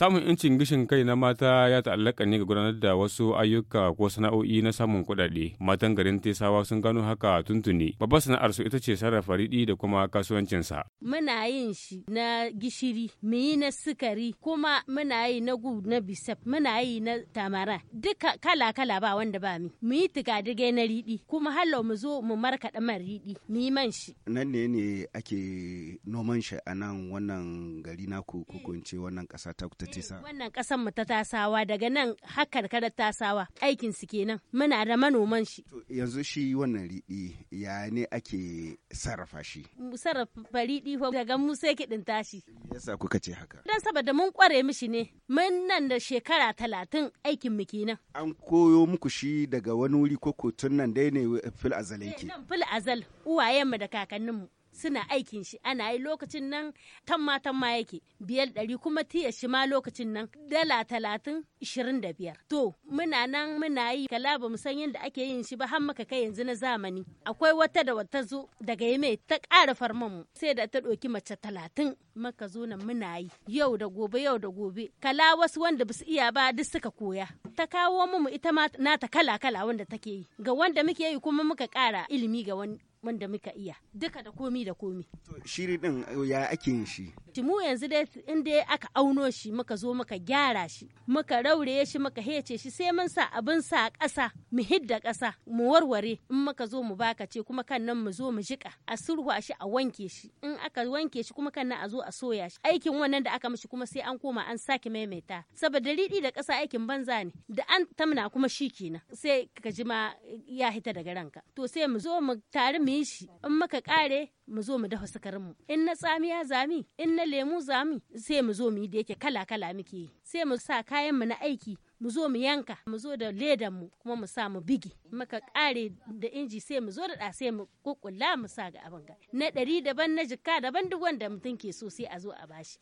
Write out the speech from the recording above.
Samun ‘yancin gishin kai na mata ya ta'allaka ne ga gudanar da wasu ayyuka ko sana'o'i na samun kuɗaɗe. Matan garin Tesawa sun gano haka tuntuni. Babbar sana'ar su ita ce sarrafa riɗi da kuma kasuwancinsa. Muna yin shi na gishiri, mu yi na sukari, kuma muna yi na gu na bisaf, muna yi na tamara. Duka kala-kala ba wanda ba mi. Mu yi tukadige na riɗi, kuma hallo mu zo mu markaɗa man riɗi, mu yi man shi. Nan ne ne ake noman shi a nan wannan gari naku ko wannan ƙasa ta tisa. Wannan ƙasar mu ta tasawa daga nan har karkarar tasawa aikin su kenan muna da manoman shi. Yanzu shi wannan riɗi ya ne ake sarrafa shi? Sarrafa riɗi fa daga mu sai kiɗin tashi. Yasa kuka ce haka? Dan saboda mun ƙware mishi ne mun nan da shekara talatin aikin mu kenan. An koyo muku shi daga wani wuri ko tun nan dai ne fil azal yake. Eh, nan fil azal uwayenmu da kakanninmu. suna aikin shi ana yi lokacin nan tamma tamma yake biyar ɗari kuma tiya shi ma lokacin nan dala talatin ishirin da biyar. To muna nan muna yi kala bamu san yadda ake yin shi ba har muka kai yanzu na zamani. Akwai wata da wata zo daga yame ta ƙara farman mu sai da ta ɗauki mace talatin muka zo nan muna yi yau da gobe yau da gobe. Kala wasu wanda basu iya ba duk suka koya. Ta kawo mu ita ma nata kala kala wanda take yi. Ga wanda muke yi kuma muka ƙara ilimi ga wani wanda muka iya duka da komi da komi. Shiri din ya ake yin shi? Timu yanzu dai in dai aka auno shi muka zo muka gyara shi muka raure shi muka hece shi sai mun sa abin sa a ƙasa mu hidda ƙasa mu warware in muka zo mu baka ce kuma kan nan mu zo mu jiƙa a surwa shi a wanke shi in aka wanke shi kuma kan nan a zo a soya shi aikin wannan da aka mishi kuma sai an koma an sake maimaita saboda riɗi da ƙasa aikin banza ne da an tamna kuma shi kenan sai ka ji ma ya hita daga ranka to sai mu zo mu tare mu mu yi shi in muka kare mu zo mu dafa sukarin mu in na tsamiya zami in na lemu zami sai mu zo mu yi da yake kala kala muke yi sai mu sa kayan mu na aiki mu zo mu yanka mu zo da ledan mu kuma mu sa mu bigi maka kare da inji sai mu zo da da sai mu kukkulla mu sa ga abin ga na ɗari daban na jikka daban duk wanda mutum ke so sai a zo a bashi